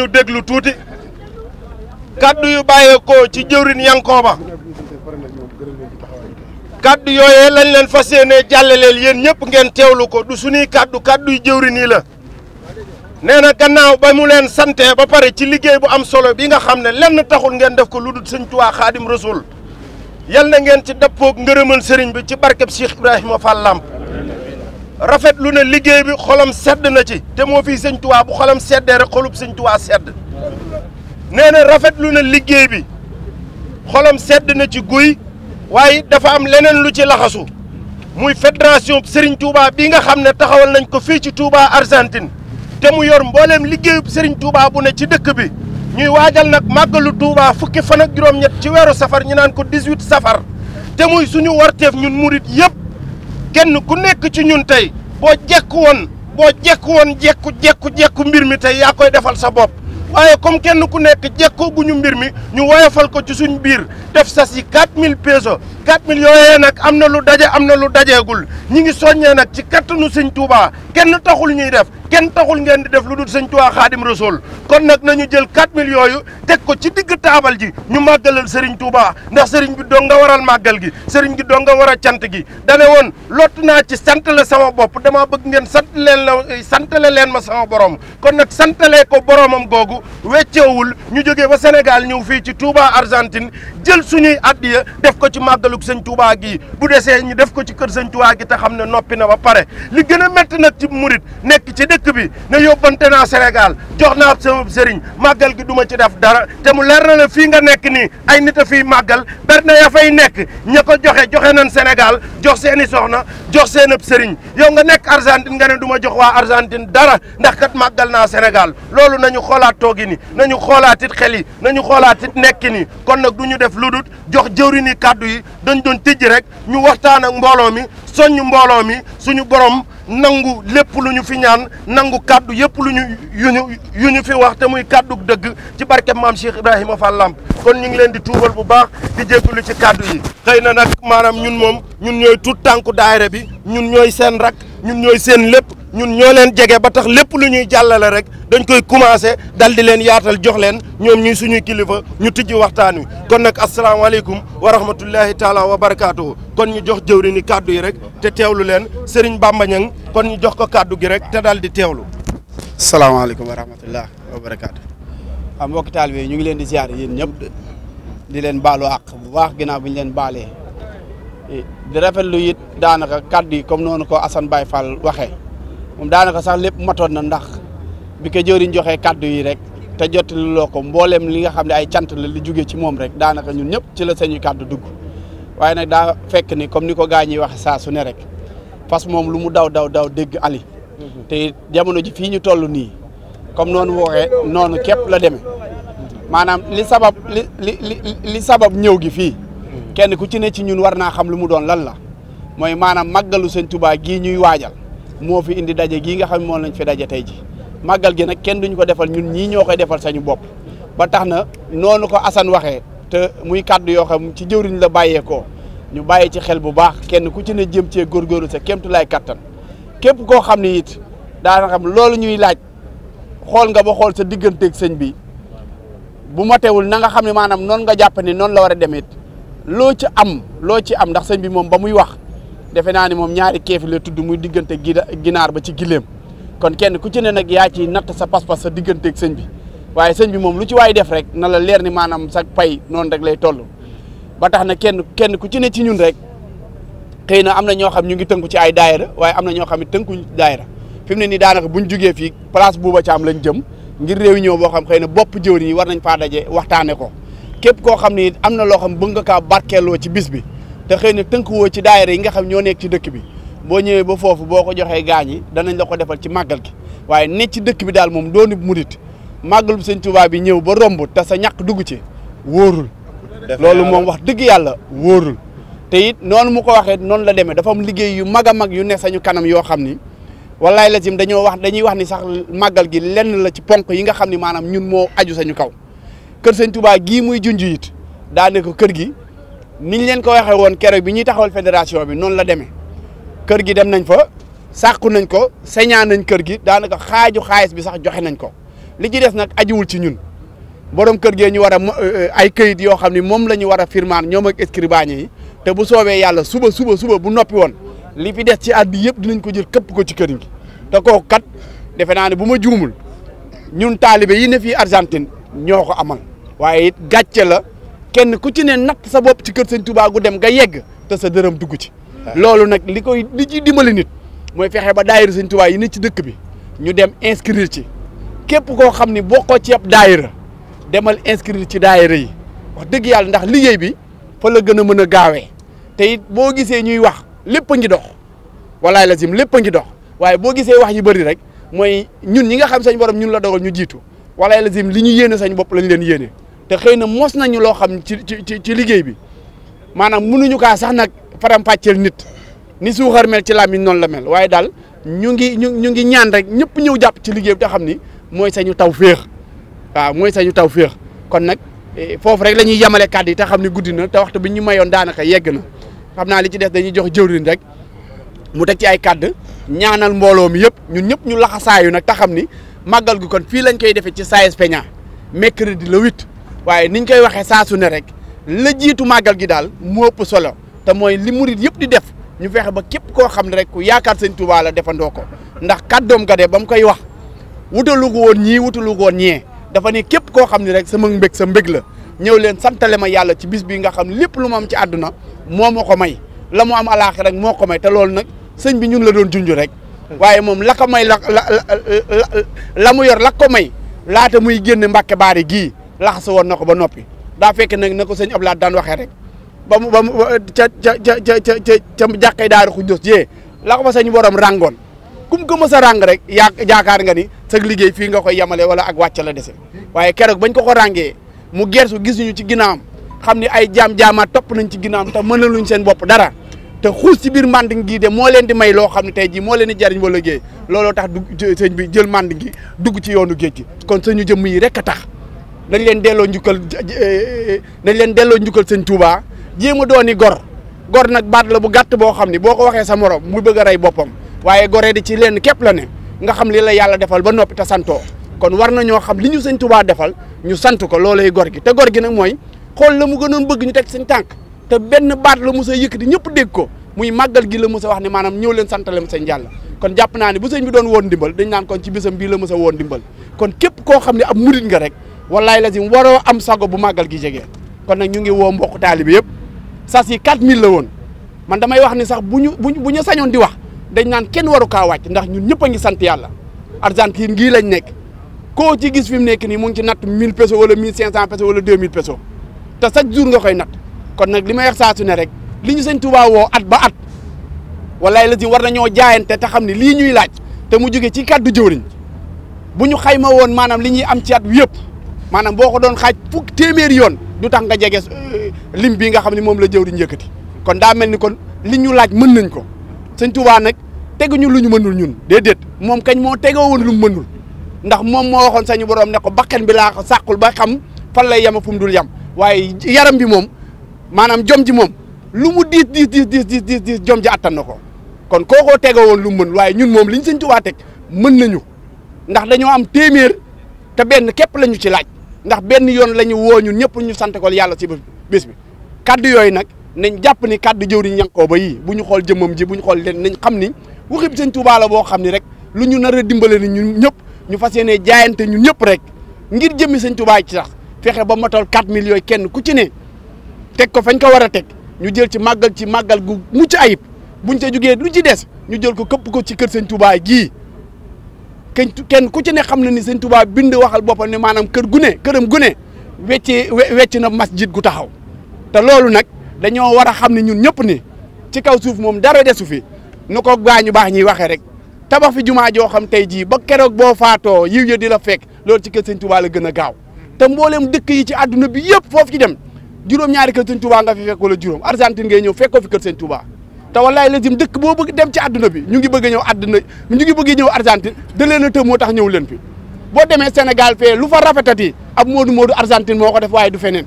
ñu déglu tuuti kaddu yu ko ci jëwrin Yankooba kaddu yooyee lañ leen fas yéenee jàllaleel yéen ñëpp ngeen teewlu ko du suñuy kaddu kaddu yu jëwrin yi la nee na gannaaw ba mu leen santee ba pare ci liggéey bu am solo bi nga xam ne lenn taxul ngeen def ko lu dul sëñ Tuubaa Xaadim Rasuul yal na ngeen ci dappoog ngërëmal sëriñ bi ci barkeb Cheikh Ibrahima Fall Lamp rafet lu ne liggéey bi xolam sedd na ci te moo fii sëñ Tuubaa bu xolam seddee rek xolub sëñ Tuubaa sedd nee na rafet lu ne liggéey bi xolam sedd na ci guy waaye dafa am leneen lu ci laxasu muy fédération Serigne Touba bii nga xam ne taxawal nañ ko fii ci Touba Argentine te mu yor mbooleem liggéeyub Serigne Touba bu ne ci dëkk bi ñuy waajal nag màggalu Touba fukki fan ak juróom-ñett ci weeru safar ñu naan ko 18 safar te muy suñu warteef ñun murit yëpp kenn ku nekk ci ñun tey boo jekku woon boo jekku woon jekku jekku jekku mbir mi tey yaa koy defal sa bopp waaye comme kenn ku nekk jekkoo ñu mbir mi ñu woyofal ko ci suñ biir def sas yi 4000 pesos 4 million yooyee nag am na lu daje am na lu dajeegul ñi ngi soññee nag ci kattanu sëñ Touba kenn taxul ñuy def kenn taxul ngeen di def lu dul sëñ Touba xaadim rasul kon nag na ñu jël 4 million yu teg ko ci digg taabal ji ñu màggalal sëriñ Touba ndax sëriñ bi dong nga waral màggal gi sëriñ gi dong nga war a cant gi dane woon lot naa ci sant la sama bopp dama bëgg ngeen sant leen la santale leen ma sama borom kon nag santalee ko boromam googu wecceewul ñu jógee ba Sénégal ñëw fii ci Touba Argentine jël suñuy addiya def ko ci màggal màggalug sëñ Touba gi bu desee ñu def ko ci kër sëñ Touba gi te xam ne noppi na ba pare li gën a métti nag ci murit nekk ci dëkk bi ne yóbbante naa Sénégal jox naa sama sëriñ màggal gi duma ci def dara te mu leer na la fii nga nekk nii ay nit a fiy màggal berne ya fay nekk ña ko joxe joxe nañ Sénégal jox seeni soxna jox seen ab sëriñ yow nga nekk Argentine nga ne du jox waa Argentine dara ndax kat màggal naa Sénégal loolu nañu xoolaat toogi ni nañu xoolaatit xel yi nañu xoolaatit nekki ni kon nag du ñu def ludut jox jëwri kàddu yi dañ doon tijji rek ñu waxtaan ak mbooloo mi soññ mbooloo mi suñu borom nangu lépp lu ñu fi ñaan nangu kàddu yëpp lu ñu yu ñu yu ñu fi wax te muy kàddu dëgg ci barkeb maam Cheikh Ibrahima Fall làmp kon ñu ngi leen di tuubal bu baax di jéggalu ci kàddu yi xëy na nag maanaam ñun moom ñun ñooy tut tànku daayira bi ñun ñooy seen rak ñun ñooy seen lépp ñun ñoo jege ba tax lépp lu ñuy jàllale rek dañ koy commencé dal di leen yaatal jox leen ñoom ñuy suñuy kilifa ñu tijji waxtaan wi kon nag asalaamaaleykum wa rahmatullahi taala wa barakaatu kon ñu jox jëwri ni kàddu yi rek te teewlu leen Serigne Bamba Niang kon ñu jox ko kàddu gi rek te daal di teewlu. salaamaaleykum wa rahmatullah wa am am mbokki taalibe ñu ngi leen di ziar yéen ñëpp di leen baalu àq bu baax ginnaaw bi ñu leen baalee. di rafetlu it daanaka kàddu yi comme noonu ko Assane Baye Fall waxee moom daanaka sax lépp matoon na ndax bi ko jëriñ joxe kàddu yi rek te jottali loo ko mbooleem li nga xam ne ay cant la li jóge ci moom rek daanaka ñun ñëpp ci la sañu kaddu dugg waaye nag daa fekk ni comme ni ko gaa ñi waxe saa su ne rek fas moom lu mu daw daw daw dégg ali te jamono ji fii ñu toll nii comme noonu waxee noonu képp la deme maanaam li sabab li li li sabab ñëw gi fii kenn ku ci ne ci ñun war naa xam lu mu doon lan la mooy maanaam màggalu sëñ Tuubaa gii ñuy waajal moo fi indi daje gii nga xam moom lañ fi daje tey ji màggal gi nag kenn duñ ko defal ñun ñii ñoo koy defal sañu bopp ba tax na noonu ko Assane waxee te muy kàddu yoo xam ci jëwriñ la bàyyeekoo ñu bàyyi ci xel bu baax kenn ku ci ne jëm cee góorgóorlu sa tu lay kattan képp koo xam ne it daana xam loolu ñuy laaj xool nga ba xool sa digganteeg sëñ bi bu ma teewul na nga xam ne noonu nga jàpp ne noonu la war a dem loo ci am loo ci am ndax sëñ bi moom ba muy wax defe naa ni moom ñaari keefi la tuddu muy diggante ginaar ba ci giléem kon kenn ku ci ne nag yaa ci natt sa pas-pas sa digganteeg sëñ bi waaye sëñ bi moom lu ci waay def rek na la leer ni maanaam sa pay noonu rek lay toll ba tax na kenn kenn ku ci ne ci ñun rek xëy na am na ñoo xam ñu ngi tënku ci ay daayira waaye am na ñoo xam ne tënkuñ daayira fi mu ne nii daanaka bu buñ jugee fii place buuba caam lañ jëm ngir réunion boo xam xëy na bopp jëwriñ yi war nañ faa daje ko képp koo xam ne am na loo xam bëgg nga kaa barkeeloo ci bis bi te xëy na tënk tënkuwoo ci daayira yi nga xam ñoo nekk ci dëkk bi boo ñëwee ba foofu boo ko joxee gaañ yi danañ la ko defal ci màggal gi waaye ne ci dëkk bi daal moom doonub murit màggal bu sëñ Tuubaa bi ñëw ba romb te sa ñàkk dugg ci wóorul loolu moom wax dëgg yàlla wóorul te it noonu mu ko waxee noonu la demee dafa am liggéey yu mag a mag yu ne sañu kanam yoo xam ni wallaay lazim dañoo wax dañuy wax ni sax màggal gi lenn la ci ponk yi nga xam ni maanaam ñun moo aju sañu kaw kër sëñ Touba gii muy junj daaneko daanaka kër gi niñ leen ko waxee woon keroog bi ñuy taxawal fédération bi noonu la demee kër gi dem nañ fa sàqu nañ ko señaan nañ kër gi daanaka xaaju xaalis bi sax joxe nañ ko li ci des nag ajiwul ci ñun borom kër gee ñu war a euh, euh, ay këyit yoo xam ne moom la ñu war a firmaan ñoom ak escribaañ yi te bu soobee yàlla suba suba suba bu noppi woon li fi des ci at bi yëpp dinañ ko jël këpp ko ci kër gi te kooku kat defe naa ne bu ma juumul ñun taalibe yi ne fii Argentine ñoo ko amal. waaye it gàcce la kenn ku ci ne natt sa bopp ci kër sañ Touba gu dem nga yegg te sa dërëm dugg ci. loolu nag li koy li ci dimbali nit mooy fexe ba daayira sëñ Touba yi ne ci dëkk bi ñu dem inscrire ci képp koo xam ni bokkoo ci ab daayira demal inscrire ci daayira yi wax dëgg yàlla ndax liggéey bi fa la gën a mën a gaawee te it boo gisee ñuy wax lépp a ngi dox walaay lazim lépp a ngi dox waaye boo gisee wax yi bëri rek mooy ñun ñi nga xam sañ borom ñun la dogal ñu jiitu walaay lazim li ñu yéene sañ bopp lañ leen yéene. te xëy na mos nañu loo xam ci ci ci liggéey bi maanaam mënuñu kaa sax nag faram-fàcceel nit ni suuxar mel ci làmmiñ noonu la mel waaye daal ñu ngi ñu ñu ngi ñaan rek ñëpp ñëw jàpp ci liggéey bi te xam ni mooy sañu taw féex waaw mooy sañu taw féex kon nag eh, foofu rek lañuy ñuy yemale yi te xam ni guddi na te waxtu bi ñu mayoon daanaka yegg na xam naa li ci def dañuy jox jëwriñ rek mu teg ci ay kàddu ñaanal mbooloo mi yëpp ñun ñëpp ñu laxasaayu nag te xam ni màggal gu kon fii lañ koy defee ci SAES Peña mercredi le huit waaye niñ koy waxee saa su ne rek la jiitu màggal gi daal moo ëpp solo te mooy li murit yëpp di def ñu feexe ba képp koo xam ne rek ku yaakaar sëñ Tuubaa la defandoo ko ndax kàddoom ga de ba mu koy wax wutalu ko woon ñii wutalu ko woon ñee dafa ne képp koo xam ni rek sama mbég sa mbég la ñëw leen santale ma yàlla ci bis bi nga xam lépp lu mu am ci àdduna moo moo ko may la mu am alaaxira rek moo ko may te loolu nag sëñ bi ñun la doon junj rek waaye moom la may la la mu yor la may laata muy génne mbàkke baari gii laxas woon na ko ba noppi daa fekk nag na ko sëñ Abdoulaye daan waxee rek ba mu ba mu ca ca ca ca ca ca jàqee daaru Xuddoos jee la ko fa sëñ borom rangoon kum ko mës a ràng rek yaa jaakaar nga ni sa liggéey fii nga koy yemale wala ak wàcc la dese waaye keroog bañ ko ko rangee mu gersu gisuñu ci ginnaawam xam ni ay jaam jaamaa topp nañ ci ginnaawam te mënaluñ seen bopp dara te xuus ci biir manding gi de moo leen di may loo xam ne tey jii moo leen di jariñ wala géey looloo tax dugg sëñ bi jël manding gi dugg ci yoonu géej gi kon suñu jëmm yi rek a tax nañ leen delloo njukkal nañ leen delloo njukkal sëñ Touba jéem a dooni gor gor nag baat la bu gàtt boo xam ni boo ko waxee sa morom mu bëgg a rey boppam waaye goree di ci lenn képp la ne nga xam li la yàlla defal ba noppi te santoo kon war na ñoo xam li ñu sëñ Touba defal ñu sant ko loolay gor gi te gor gi nag mooy xool la mu gën a bëgg ñu teg seen te benn baat la mu musa di ñëpp dégg ko muy màggal gi la mu sa wax ni maanaam ñëw leen santale ma sëñ Yàlla kon jàpp naa ne bu sëñ bi doon woon ndimbal dañ naan ci bisam bii la musa woon ndimbal kon képp koo xam ne ab murit nga rek wallaay lazim waroo am sago bu màggal gi jege kon nag ñu ngi woo mbokku taalibe yëpp sas yi 4000 la woon man damay wax ni sax bu ñu bu ñu sañoon di wax dañ naan kenn waru kaa wàcc ndax ñun ñëpp a ngi sant yàlla Argentine gii lañ nekk koo ci gis fi mu nekk nii mu ngi ci natt 1000 peso wala 1500 peso wala 2000 peso te chaque jour nga koy natt kon nag di ma wax saa ne rek li ñu sëñ Tuubaa woo at ba at wallaay lazim war nañoo jaayante te xam ne lii ñuy laaj te mu jóge ci kàddu jëwriñ bu ñu xayma woon maanaam li ñuy am ci at yëpp. maanaam boo ko doon xaaj fukk téeméer yoon du tax nga jege euh, lim bii nga xam ne moom la jëw di njëkkati kon daa mel ni kon li ñu laaj mën nañ ko sëñ Tuubaa nag teguñu lu ñu mënul ñun déedéet moom kañ moo tegoo woon lu mënul ndax moom moo waxoon sañu borom ne ko bakkan bi laa ko sàqul ba xam fan lay yem fu mu dul yam waaye yaram bi moom maanaam jom ji moom lu mu diis diis diis diis diis diis diis jom ji attan na ko kon kookoo tegoo woon lu mu mën waaye ñun moom li ñu sëñ Tuubaa teg mën nañu ndax dañoo am téeméer te benn képp lañu ci laaj ndax benn yoon la ñu woo ñun ñëpp ñu sant ko yàlla ci bés bi kaddu yooyu nag nañ jàpp ni kaddu jëwriñ Yankoo ba yi bu ñu xool jëmmam ji bu ñu xool leen nañ xam ni waxib sañ Tuubaa la boo xam ni rek lu ñu nar a dimbale ni ñun ñëpp ñu fas yéenee jaayante ñun ñëpp rek ngir jëmmi sëñ Tuubaa ci sax fexe ba matal 4 millions kenn ku ci ne teg ko fañ ko war a teg ñu jël ci màggal ci màggal gu mucc ayib buñ ca jugee lu ci des ñu jël ko këpp ko ci kër sëñ gii kenn ku ci ne xam na ni sëñ Tuubaa bind waxal boppam ne maanaam kër gune këram gu ne wecci wecc na masjid gu taxaw te loolu nag dañoo war a xam ne ñun ñëpp ni ci kaw suuf moom dara desu fi nu ko gaañu baax ñuy waxee rek tabax fi jumaa joo xam tey jii ba keroog boo faatoo yiw ya di la fekk loolu ci kër sëñ Tuubaa la gën a gaaw te mbooleem dëkk yi ci àdduna bi yëpp foofu ci dem juróom-ñaari kër sëñ Tuubaa nga fekk wala juróom Argentine ngay ñëw fekkoo fi kër sëñ Tuubaa te wallaay lazim dëkk boo bëgg dem ci àdduna bi ñu ngi bëgg a ñëw àdduna ñu ngi bëgg ñëw Argentine da leen a tëb moo tax ñëw leen fi boo demee Sénégal fee lu fa rafetati ab moodu moodu Argentine moo ko def waaye du feneen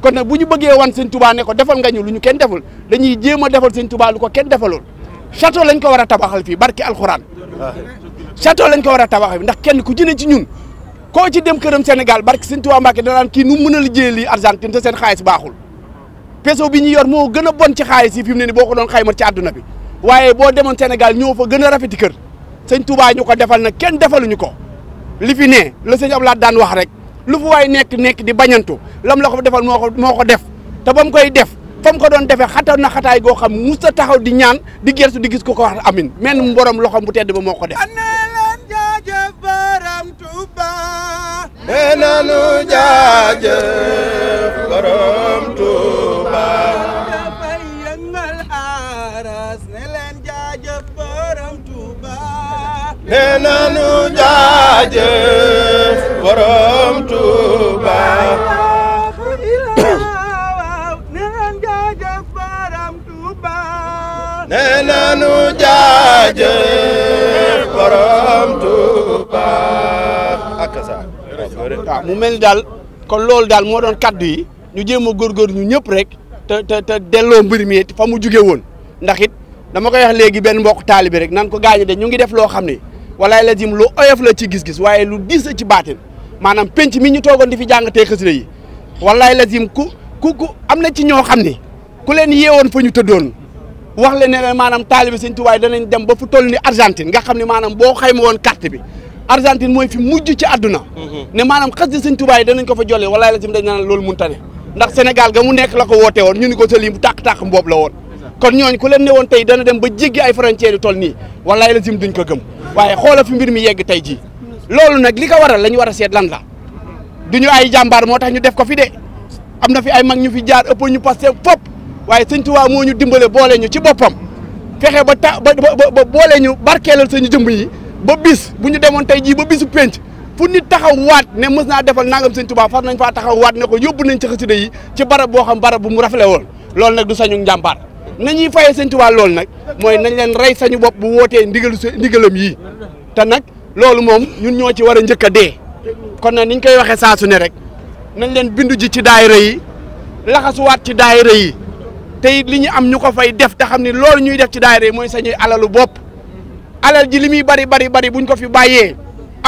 kon nag bu ñu bëggee wan sëñ ne ko defal nga ñu lu ñu kenn deful dañuy jéem a defal sëñ Touba ko kenn defalool château lañ ko war a tabaxal fii barki alxuraan chato lañ ko war a tabaxal fii ndax kenn ku jëne ci ñun koo ci dem këram Sénégal barki sëñ Touba Mbacke danaan kii nu mën a liggéey lii Argentine seen xaalis baaxul peso bi ñu yor moo gën a bon ci xaalis yi fi mu ne ni boo ko doon ma ci àdduna bi waaye boo demoon Sénégal ñoo fa gën a rafeti kër sëñ ñu ko defal na kenn ñu ko li fi ne la sëñ Abdoulaye daan wax rek lu fu waay nekk nekk di bañantu lam la ko defal moo ko moo ko def te ba mu koy def fa mu ko doon defee xatal na xataay goo xam mu a taxaw di ñaan di gertu di gis ko ko wax amin menn mu borom loxoom bu tedd ba moo ko def. nee ak sa ah, mu mel ni daal kon loolu daal moo doon kaddu yi ñu jéem a góorgóor ñu ñëpp rek te te te delloo mbir mi fa mu jugee woon ndax it dama koy wax léegi benn mbokk taalibi rek nan ko gaañu de ñu ngi def loo xam ne walaay la jim lu oyof la ci gis-gis waaye lu diis ci baatin maanaam penc mi ñu toogoon di fi jàngatee xasida yi walaay la jim ku ku ku am na ci ñoo xam ne ku leen yeewoon fa ñu tëddoon wax leen ne maanaam taalibi Sëñ Tuubaa danañ dem ba fu toll ni Argentine nga xam ne maanaam boo xayma woon carte bi Argentine mooy fi mujj ci àdduna mm-hmm. ne maanaam xasida Sëñ Tuubaa danañ ko fa jolle walaay la jim dañ naan loolu mun tane ndax Sénégal ga mu nekk la ko woote woon ñu ni ko sëli bu tàq-tàq mboobu la woon kon ñooñ ku leen woon tey dana dem ba jéggi ay frontières tol toll nii wallaay la sim duñ ko gëm waaye xoola fi mbir mi yegg tey jii loolu nag li ko waral la war seet lan la duñu ay jàmbaar moo tax ñu def ko fi de am na fi ay mag ñu fi jaar ëpp ñu passé fop waaye sëñ Tuubaa moo ñu dimbale boole ñu ci boppam fexe ba ta ba boole ñu barkeelal suñu jëmb yi ba bis bu ñu demoon tey jii ba bisu pénc fu nit taxaw waat ne mës naa defal nangam sëñ Tuubaa far nañ faa taxaw waat ne ko yóbbu nañ ci xasida yi ci barab boo xam barab bu mu rafle woon loolu nag du sañu njàmbaar nañuy fayee sëñ Tuubaa loolu nag mooy nañ leen rey sañu bopp bu wootee ndigalu ndigalam yii te nag loolu moom ñun ñoo ci war a njëkk a dee kon na niñ koy waxee saa su ne rek nañ leen bindu ji ci daayira yi laxasuwaat ci daayira yi te it li ñu am ñu ko fay def te xam ne loolu ñuy def ci daayira yi mooy sañuy alalu bopp alal li muy bari bari bari buñ ko fi bàyyee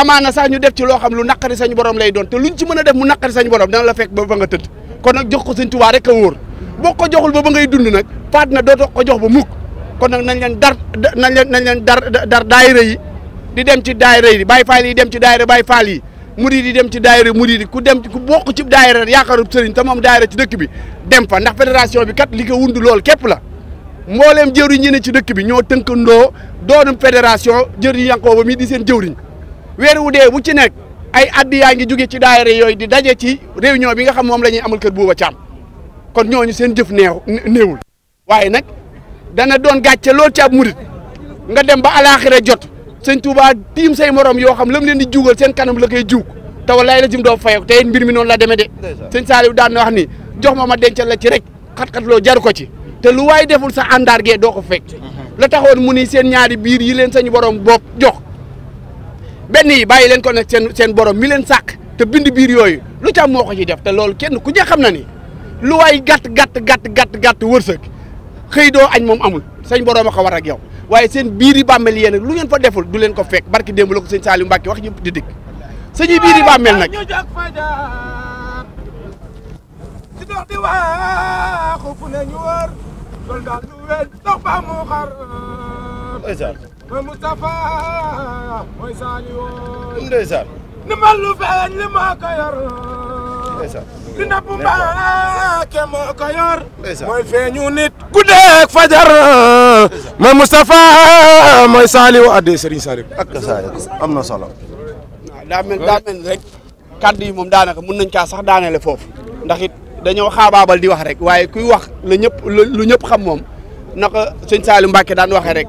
na sax ñu def ci loo xam lu naqari sañ borom lay doon te luñ ci mën a def mu naqari sañu borom dana la fekk ba ba nga tëdd kon nag jox ko Sëñ Tuubaa rek a wóor boo ko joxul ba ba ngay dund nag faat na dootoo ko jox ba mukk kon nag nañ leen dar nañ leen nañ leen dar dar daayira yi di dem ci daayira yi Baay Faal yi dem ci daayira Baay Faal yi murid yi dem ci daayira murid yi ku dem ku bokk ci daayira yaakaarub sëriñ te moom daayira ci dëkk bi dem fa ndax fédération bi kat li ko wund lool képp la mbooleem jëwriñ ñi ne ci dëkk bi ñoo tënkandoo doonum fédération jëriñ Yankooba mi di seen jëwriñ weer wu dee wu ci nekk ay addi yaa ngi jóge ci daayira yooyu di daje ci réunion bi nga xam moom la ñuy amal kër Bouba Thiam kon ñooñu seen jëf neew néewul waaye nag dana doon gàcce lool ci ab murit nga dem ba alaaxira jot sëñ Touba tiim say morom yoo xam lam leen di jugal seen kanam la koy juug te walaay la jëm doo fayok te mbir mi noonu la demee de sëñ Saliou daan na wax ni jox ma ma dencal la ci rek xat-xat loo jaru ko ci te lu waaye deful sa àndaar doo ko fekk la taxoon mu ni seen ñaari biir yi leen sañu borom bopp jox benn yi bàyyi leen ko nag seen seen borom mi leen sàkk te bind biir yooyu lu ca am moo ko ci def te loolu kenn ku jeex xam na ni lu waay gàtt gàtt gàtt gàtt gàtt wërsëg xëy doo añ moom amul sañ borom a ko war ak yow waaye seen biir yi bàmmeel yéen lu ngeen fa deful du leen ko fekk barki démb la ko sëñ Saliou Mbacke wax ñëpp di dégg sañuy biir yi bàmmeel nag. di mooy Moustapha mooy Saliou. ndeysaan. ni man lu feeñ li moo ko yor. ndeysaan li nëbb Mbàkke fajar. mooy Moustapha mooy Saliou addee Serigne Saliou. ak Saliou am na solo. waaw daa mel daa rek kaddu yi moom daanaka mun nañ kaa sax daaneele foofu ndax it dañoo xaabaabal di wax rek waaye kuy wax la ñëpp lu ñëpp xam moom naka sëñ Saliou Mbacke daan waxee rek.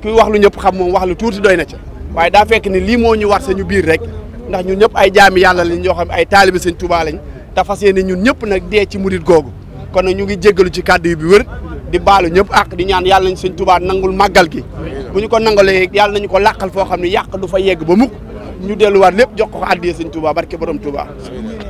kuy wax lu ñëpp xam moom wax lu tuuti doy na ca waaye daa fekk ni lii moo ñu war sañu biir rek ndax ñun ñëpp ay jaami yàlla lañ ñoo xam ay taalibi sëñ Tuubaa lañ te fas yéene ñun ñëpp nag dee ci murit googu kon nag ñu ngi jéggalu ci kàddu yi bi wër di baalu ñëpp ak di ñaan yàlla nañ sëñ Tuubaa nangul màggal gi bu ñu ko nangalee yàlla nañu ko làqal foo xam ne yàq du fa yegg ba mukk ñu delluwaat lépp jox ko ko àddiyee sëñ Tuubaa barke borom Tuubaa